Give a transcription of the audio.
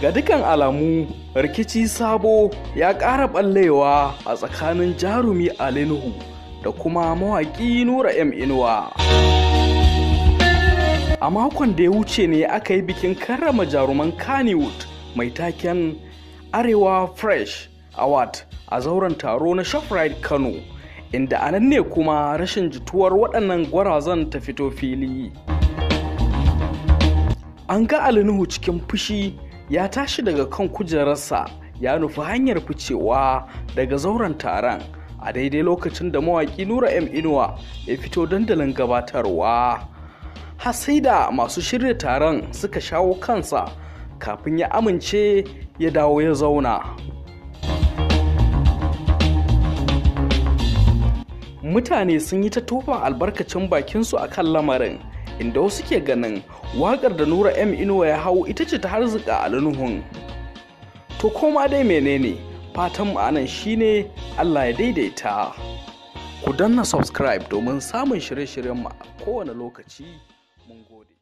ga dukan alamu rikici sabo ya ƙara ɓallewa a tsakanin jarumi alinuhu da kuma mawaƙi nura m inuwa a makon da ya wuce ne aka yi bikin karrama jaruman kannywood mai taken arewa fresh award a zauren taro na shoprite kano inda a nan ne kuma rashin jituwar waɗannan gwarazan ta fito fili an ga alinuhu cikin fushi ya tashi daga kan kujerarsa ya nufi hanyar ficewa daga zauren taron a daidai lokacin da mawaƙi nura m inuwa ya fito dandalin gabatarwa har sai da masu shirya taron suka shawo kansa kafin ya amince ya dawo ya zauna mutane sun yi ta tofa albarkacin bakinsu a kan lamarin inda wasu ke ganin waƙar da nura m inuwa ya hau ita ce ta harzuka lunuhun to koma dai menene fatan ma'anan shine allah ya daidaita ku danna subscribe domin samun shirye-shiryen mu a kowane lokaci mun gode